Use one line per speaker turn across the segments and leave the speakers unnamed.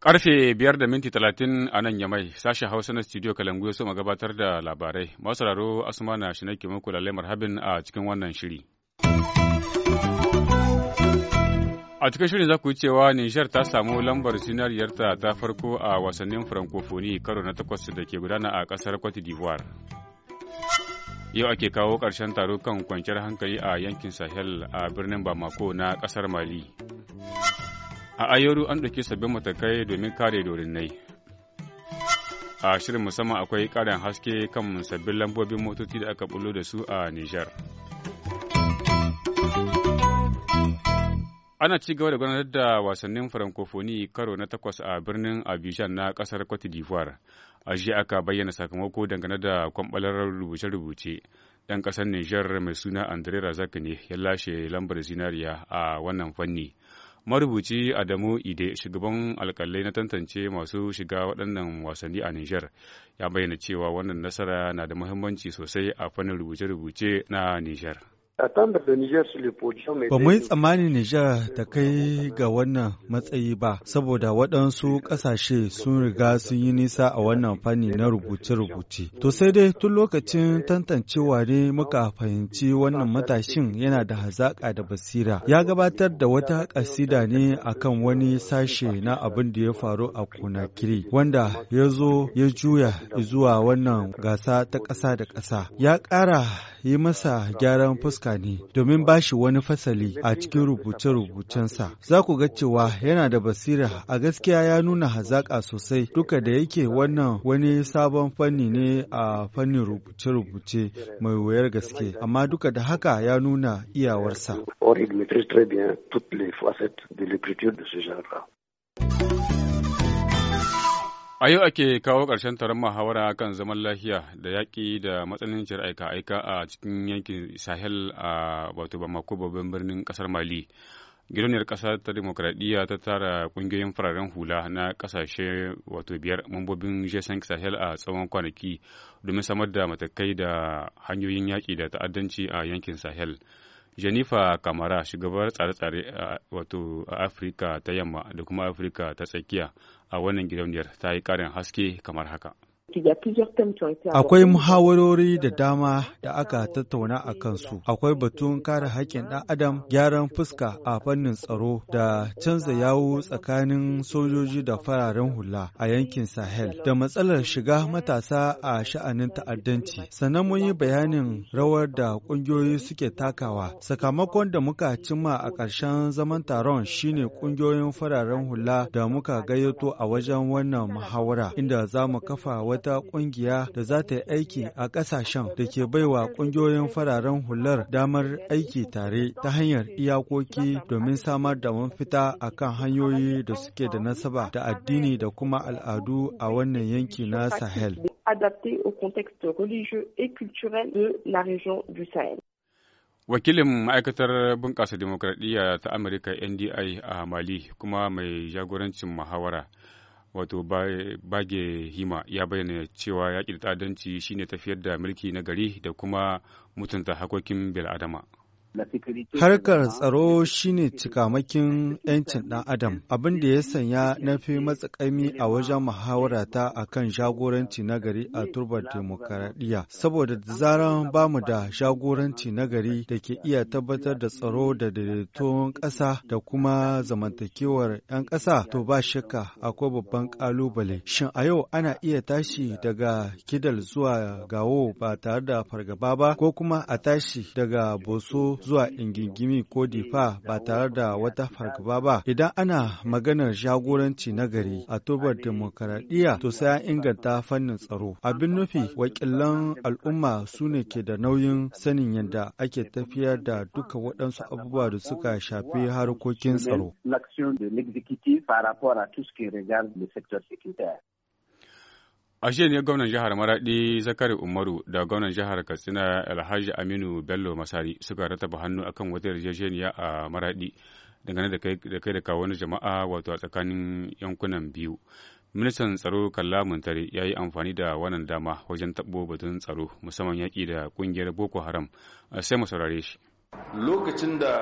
Karfe biyar da minti talatin a nan Yamai, sashi Hausa na studio Kalangu ya ma gabatar da labarai. Masu raro Asuma na shi nake muku lalle marhabin a cikin wannan shiri. A cikin shirin za ku yi cewa Nijar ta samu lambar zinariyarta ta farko a wasannin Francophonie karo na takwas da ke gudana a ƙasar Cote d'Ivoire. Yau ake kawo ƙarshen taro kan kwanciyar hankali a yankin Sahel a birnin Bamako na ƙasar Mali. A Ayoru an ɗauki sabbin matakai domin kare dorinnai. A shirin musamman akwai ƙarin haske kan sabbin lambobin motoci da aka bullo da su a Nijar. Ana ci gaba da gudanar da wasannin farankofoni karo na takwas a birnin Abidjan na kasar Cote d'Ivoire. A jiya aka bayyana sakamako dangane da kwamɓalar rubuce-rubuce. Ɗan ƙasar Nijar mai suna Andre Razak ne ya lashe lambar zinariya a wannan fanni. Marubuci Adamu Ide, shugaban alƙalai na tantance masu shiga waɗannan wasanni a Nijar, ya bayyana cewa wannan nasara na da muhimmanci sosai a fannin rubuce-rubuce na Nijar. Ba mu yi
tsammanin Nijar ta kai ga wannan matsayi ba, saboda waɗansu ƙasashe sun riga sun yi nisa a wannan fanni na rubuce-rubuce. To sai dai tun lokacin tantancewa ne muka fahimci wannan matashin yana da hazaƙa da basira. Ya gabatar da wata ƙasida ne kan wani sashe na abin da ya faru a Kunakiri, wanda ya zo ya juya zuwa wannan gasa ta ƙasa da ƙasa. Ya ƙara yi masa gyaran fuska fuska ne domin ba shi wani fasali a cikin rubuce-rubucensa. Za ku ga cewa yana da basira a gaskiya ya nuna hazaƙa sosai duka da yake wannan wani sabon fanni ne a fannin rubuce-rubuce mai wayar gaske amma duka da haka ya nuna iyawarsa.
Or il
A yau ake kawo ƙarshen taron muhawara kan zaman lafiya da yaƙi da matsanancin aika-aika a cikin yankin Sahel a wato Bamako babban birnin ƙasar Mali. Gidauniyar ƙasa ta demokradiyya ta tara ƙungiyoyin fararen hula na ƙasashe wato biyar mambobin g Sahel a tsawon kwanaki domin samar da matakai da hanyoyin yaƙi da ta'addanci a yankin Sahel. Jennifer Kamara, shugabar tsare-tsare wato a Afirka ta yamma da kuma Afirka ta tsakiya. a wannan gidauniyar ta yi ƙarin haske kamar haka.
Akwai muhawarori da dama da aka tattauna a kansu. Akwai batun kare haƙƙin ɗan adam, gyaran fuska a fannin tsaro da canza yawo tsakanin sojoji da fararen hula a yankin Sahel da matsalar shiga matasa a sha'anin ta'addanci. Sannan mun yi bayanin rawar da ƙungiyoyi suke takawa. Sakamakon da muka cimma a ƙarshen zaman taron shine ƙungiyoyin fararen hula da muka gayyato a wajen wannan muhawara inda za mu kafa wata ƙungiya da za ta yi aiki a ƙasashen da ke baiwa ƙungiyoyin fararen hular damar aiki tare ta hanyar iyakoki domin samar da mafita a kan hanyoyi da suke da nasaba da addini da kuma al'adu a wannan yanki na
Sahel. Wakilin ma'aikatar bunƙasa demokradiyya ta Amurka NDI a Mali kuma mai jagorancin muhawara wato bage hima ya bayyana cewa yaƙi da ta'addanci shine tafiyar da mulki na gari da kuma mutunta hakokin bil'adama.
Harkar tsaro shine cikamakin 'yancin ɗan Adam, abin da ya sanya na fi matsakaimi a wajen muhawarata a kan jagoranci nagari a turbar demokaradiyya. Saboda da zaran bamu da jagoranci nagari da ke iya tabbatar da tsaro da daidaiton ƙasa da kuma zamantakewar 'yan ƙasa to ba shakka akwai babban ƙalubale. Shin a yau ana iya tashi daga kidal zuwa gawo ba tare da fargaba ba ko kuma a tashi daga boso zuwa ingingimi ko difa ba tare da wata fargaba ba idan ana maganar jagoranci nagari a tubar demokaradiyya to sai an inganta fannin tsaro abin nufi wakilan al'umma su ne ke da nauyin sanin yadda ake tafiyar da duka waɗansu abubuwa da suka shafi harkokin
tsaro
A jiya ne gwamnan jihar Maraɗi Zakari Umaru da gwamnan jihar Katsina Alhaji Aminu Bello Masari suka rataba hannu akan wata yarjejeniya a Maraɗi dangane da kai da kawo jama'a wato a tsakanin yankunan biyu. Ministan tsaro Kalla Muntari ya yi amfani da wannan dama wajen taɓo batun tsaro musamman yaƙi da ƙungiyar Boko Haram sai mu saurare shi.
lokacin da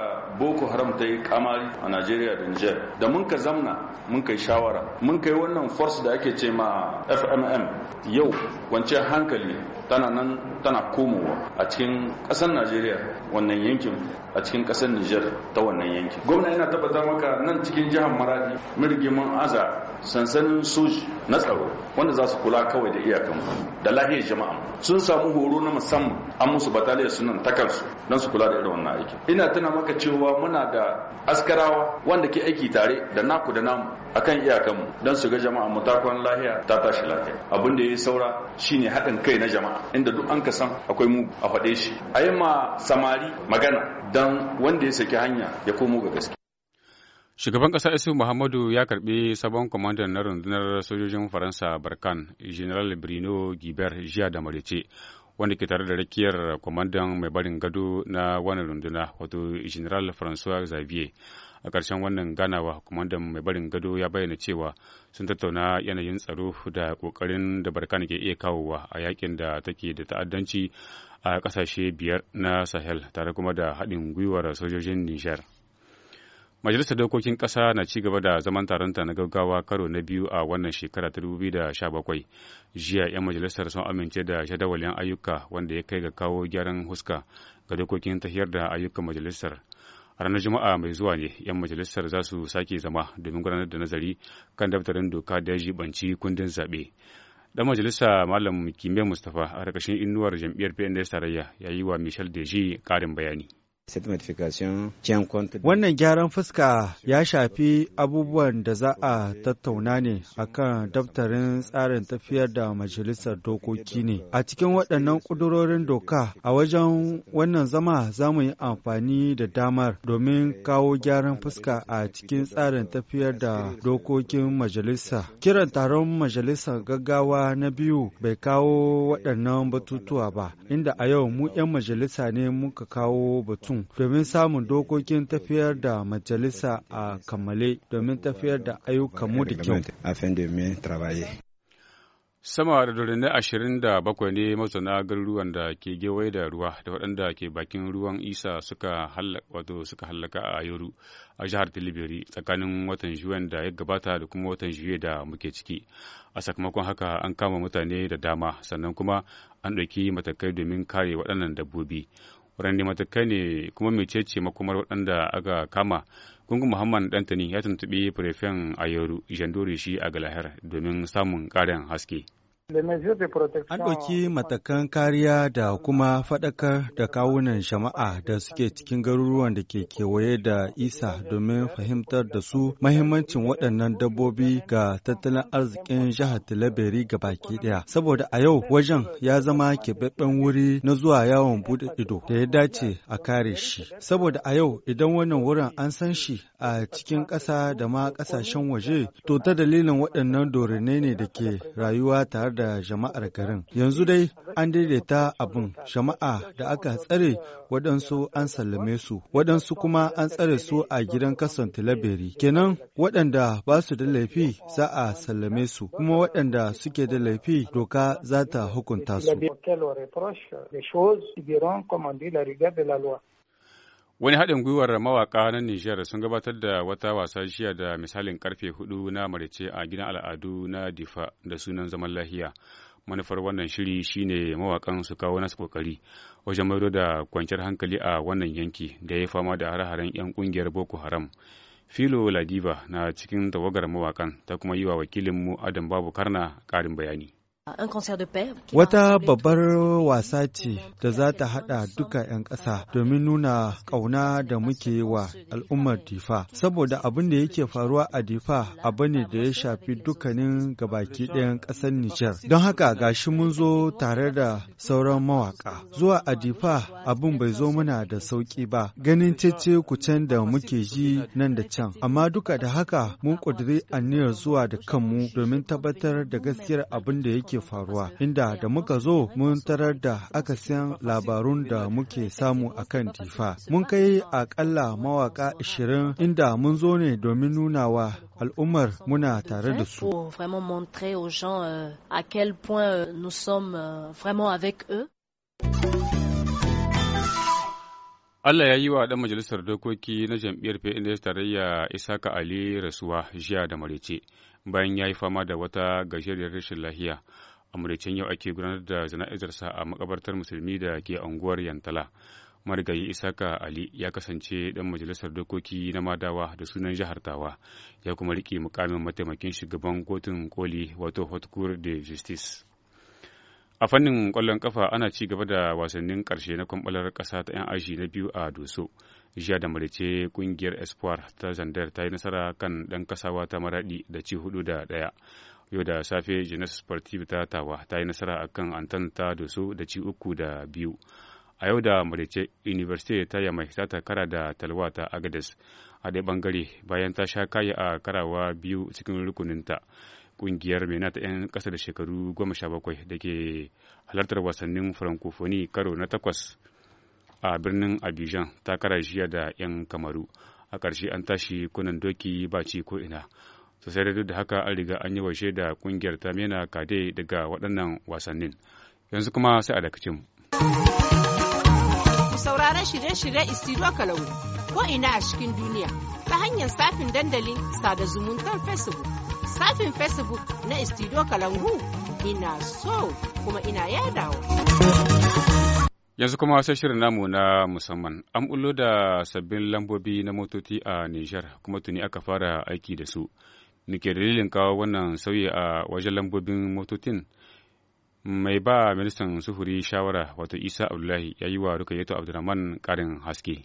boko haram ta yi kamari a najeriya da niger da mun ka zamna mun kai shawara mun kai wannan force da ake ce ma fmm yau kwanciyar hankali tana nan tana komowa a cikin ƙasar najeriya wannan yankin a cikin ƙasar niger ta wannan yankin gwamna yana tabbatar maka nan cikin jihar maradi mirgiman aza sansanin soji na tsaro wanda za su kula kawai da iyakan da lahiyar jama'a sun samu horo na musamman an musu bataliyar sunan takarsu don su kula da irin wannan aiki. ina tana maka cewa muna da askarawa wanda ke aiki tare da naku da namu akan iyakanmu don su ga jama'a mu lafiya lahiya ta tashi lafiya abin da ya yi saura shine haɗin kai na jama'a inda duk an ka san akwai mu a faɗe shi a yi ma samari magana don wanda ya saki hanya ya komo ga gaske
Shugaban ƙasa Isu Muhammadu ya karɓi sabon kwamandan na rundunar sojojin Faransa Barkan, General Brino Giber jiya da Marice, wanda ke tare da rakiyar kwamandan mai barin gado na wani runduna wato general francois xavier a ƙarshen wannan ganawa kwamandan mai barin gado ya bayyana cewa sun tattauna yanayin tsaro da ƙoƙarin da barkan ke iya kawowa a yakin da take da ta'addanci a ƙasashe biyar na sahel tare kuma da haɗin gwiwar sojojin nishar Majalisar Dokokin Ƙasa na ci gaba da zaman taronta na gaggawa karo na biyu a wannan shekara ta bakwai Jiya 'yan majalisar sun amince da jadawalin ayyuka wanda ya kai ga kawo gyaran huska ga dokokin tafiyar da ayyukan majalisar. A ranar Juma'a mai zuwa ne 'yan majalisar za su sake zama domin gudanar da nazari kan daftarin doka da ya jibanci kundin zaɓe. dan majalisa malam kimiyya mustapha a ƙarƙashin inuwar jam'iyyar pns tarayya ya yi wa michel deji ƙarin bayani
Wannan gyaran fuska ya shafi abubuwan da za a tattauna ne a kan daftarin tsarin tafiyar da majalisar dokoki ne. A cikin waɗannan ƙudurorin doka a wajen wannan zama za mu yi amfani da damar domin kawo gyaran fuska a cikin tsarin tafiyar da dokokin majalisa. Kiran taron majalisar gaggawa na biyu bai kawo waɗannan batutuwa ba, inda a yau mu 'yan majalisa ne muka kawo batun kafin domin samun dokokin tafiyar da majalisa a kammale domin tafiyar da ayyukanmu da kyau.
Sama da dorinai ashirin da bakwai ne masana garuruwan da ke gewaye da ruwa da waɗanda ke bakin ruwan isa suka wato suka hallaka a yoru a jihar Tilibiri tsakanin watan juyen da ya gabata da kuma watan juye da muke ciki. A sakamakon haka an kama mutane da dama sannan kuma an ɗauki matakai domin kare waɗannan dabbobi. waɗanne matakai ne kuma mecece makomar waɗanda aka kama gungun muhammad dantani ya tuntuɓi prefen ayoru jandori shi a galahar domin samun ƙarin haske
An
ɗauki matakan kariya da kuma faɗakar da kawunan shama'a da suke cikin garuruwan da ke kewaye da isa domin fahimtar da su mahimmancin waɗannan dabbobi ga tattalin arzikin jihar tilaberi ga baki ɗaya. Saboda a yau wajen ya zama keɓaɓɓen wuri na zuwa yawon buɗe ido da ya dace a kare shi. Saboda a yau idan wannan wurin an san shi a cikin ƙasa da ma ƙasashen waje to ta dalilin waɗannan dorinai ne da ke rayuwa tare da jama'ar garin. Yanzu dai an daidaita abin jama'a da aka tsare waɗansu an sallame su, waɗansu kuma an tsare su a gidan kasan tilaberi. Kenan waɗanda ba su da laifi za a sallame su, kuma waɗanda suke da laifi doka za ta hukunta
su. Wani haɗin gwiwar mawaƙa na Nijar sun gabatar da wata wasa jiya da misalin karfe hudu na marice a gidan al'adu na Difa da sunan zaman lahiya. Manufar wannan shiri shine mawaƙan su kawo nasu ƙoƙari wajen maido da kwanciyar hankali a wannan yanki da ya fama da hare-haren 'yan ƙungiyar Boko Haram. Filo Ladiba na cikin tawagar mawaƙan ta kuma yi wa wakilinmu Adam Babu Karna ƙarin bayani.
Wata babbar wasa ce da za ta haɗa duka 'yan ƙasa domin nuna ƙauna da muke wa al'ummar Difa, saboda abin da yake faruwa a Difa abu ne da ya shafi dukkanin gabaki ɗayan ƙasar Nijar. Don haka gashi mun zo tare da sauran mawaƙa. Zuwa a Difa abin bai zo muna da sauƙi ba, ganin cece can da muke ji nan da can. Amma duka da haka mun ƙudiri aniyar zuwa da kanmu domin tabbatar da gaskiyar abin da yake yake faruwa, inda da muka zo mun tarar da aka siyan labarun da muke samu a kan tifa. Mun kai akalla mawaka 20 inda mun zo ne domin nuna wa al'ummar muna tare da su. Euh, euh, euh,
Allah ya yi wa ɗan majalisar dokoki na jam'iyyar PNS tarayya Isaka Ali rasuwa jiya da marece bayan ya yi fama da wata gajeriyar rashin lahiya. a maraicen yau ake gudanar da jana'izarsa a makabartar musulmi da ke unguwar yantala marigayi isaka ali ya kasance dan majalisar dokoki na madawa da sunan jihar tawa ya kuma rike mukamin mataimakin shugaban kotun koli wato hot cour de justice a fannin kwallon kafa ana ci gaba da wasannin karshe na kwamɓalar ƙasa ta 'yan aji na biyu a doso jiya da marice kungiyar espoir ta zandar ta yi nasara kan ɗan kasawa ta maraɗi da ci hudu da ɗaya. yau da safe jeunesse sportive ta tawa ta yi nasara akan antan ta doso da ci uku da biyu a yau da marice university ta yi za ta kara da talwa ta agades a ɗaya bangare bayan ta sha kaya a karawa biyu cikin rukuninta kungiyar mena ta 'yan ƙasa da shekaru goma sha bakwai da ke halartar wasannin francophonie karo na takwas a birnin abidjan ta kara jiya da 'yan kamaru a ƙarshe an tashi kunan doki ba ci ko ina su sai da haka an riga an yi washe da kungiyar ta mena kade daga waɗannan wasannin yanzu kuma sai a dakace mu
sauraron shirye-shirye istiro kalau ko ina a cikin duniya ta hanyar safin dandalin sada zumuntar facebook safin facebook na istiro kalangu ina so kuma ina yadawa
Yanzu kuma sai shirin namu na musamman. An bullo da sabbin lambobi na motoci a Nijar kuma tuni aka fara aiki da su. nike dalilin kawo wannan sauyi a wajen lambobin motocin mai ba ministan sufuri shawara wato isa abdullahi ya yi wa rukayeto abdurrahman karin haske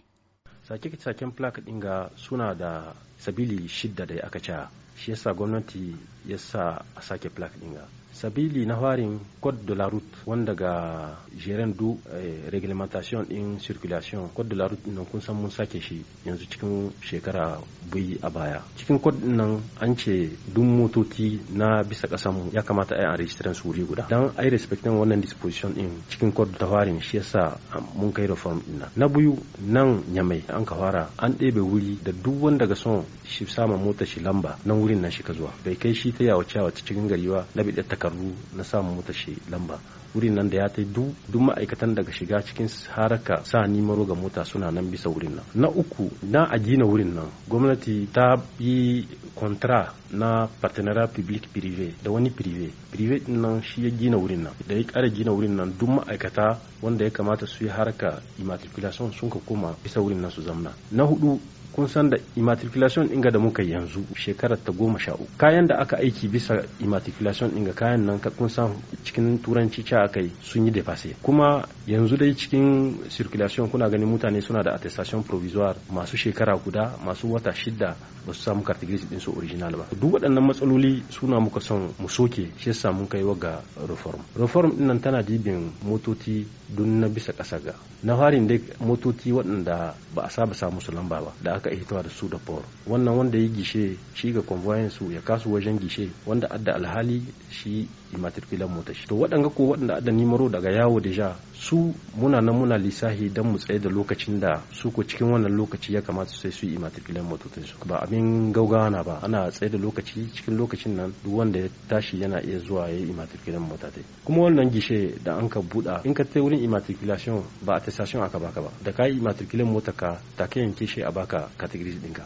sake-saken plak ɗin ga suna da sabili shidda da aka ca shi yasa gwamnati ya sa a sake plaque ɗin ga sabili na farin code de la route wanda ga jeren du eh, reglementation in circulation code de la route nan kun san mun sake shi yanzu cikin shekara bai a baya cikin code nan an ce duk motoci na bisa kasan mu ya kamata a registration su wuri guda dan ai respecting wannan disposition din cikin code da farin shi yasa mun kai reform din nan na biyu nan nyamai an ka fara an ɗebe wuri da duk wanda ga son shi sama mota shi lamba nan wurin na shi ka zuwa bai kai shi ta yawace yawace cikin gari ba na bidar takardu na samun mutashi lamba wurin nan da ya tai duk ma'aikatan daga shiga cikin haraka sa nimaro ga mota suna nan bisa wurin nan na uku na a gina wurin nan gwamnati ta yi kontra na partenariat public privé da wani privé privé nan shi ya gina wurin nan da ya kara gina wurin nan duk ma'aikata wanda ya kamata su yi haraka immatriculation sun ka koma bisa wurin nan su zamna na hudu kun san da immatriculation inga da muka yanzu shekarar ta goma sha uku kayan da aka aiki bisa immatriculation inga kayan nan kun san cikin turanci ca. aka yi sun yi defase kuma yanzu dai cikin circulation kuna ganin mutane suna da attestation provisoire masu shekara guda masu wata shida ba su samu cartography din su original ba duk waɗannan matsaloli suna muka son mu soke shi yasa mun kai ga reform reform din nan tana dibin motoci dun na bisa ƙasa ga na farin dai motoci waɗanda ba a saba samu su lamba ba da aka hitowa da su da por wannan wanda ya gishe shi ga convoyance su ya kasu wajen gishe wanda adda alhali shi immatriculan motar shi to waɗanga ko waɗanda da da nimaro daga yawo da deja su muna nan muna lissahi don mu tsaye da lokacin da su ko cikin wannan lokaci ya kamata sai su yi imatikilan motocin su ba abin gaugawa na ba ana tsaye da lokaci cikin lokacin nan duk wanda ya tashi yana iya zuwa ya yi imatikilan mota kuma wannan gishe da an ka buɗa in ka tsaye wurin imatriculation ba attestation aka baka ba da ka yi mota ka take yanke shi a baka category ɗinka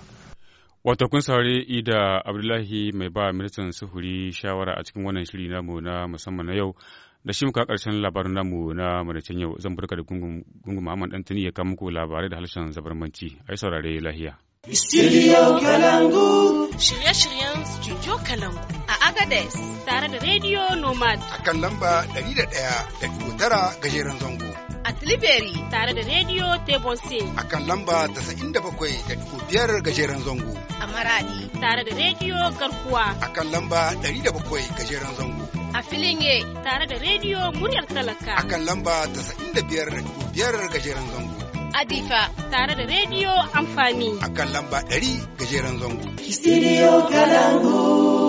Wato kun saurari Ida Abdullahi mai ba ministan sufuri shawara a cikin wannan shiri namu na musamman na yau da shi muka karshen labarin namu na madacin yau zan burka da gungun Muhammad dan tuni ya kawo muku labarai da harshen zabarmanci ai saurare lahiya Studio Kalangu
shirye-shiryen Studio Kalangu a Agadez tare da Radio Nomad a kan lamba 101.9 gajeren zango a Tilibiri tare da Radio Tebonse a kan lamba 97.5 gajeren zango a Maradi tare da Radio Garkuwa a kan lamba 107 gajeren zango a filin ye tare da rediyo muryar talaka. A kan lamba ta da biyar biyar gajeren zango. Adifa tare da rediyo amfani.
A kan lamba ɗari gajeren zango. Studio
Kalangu.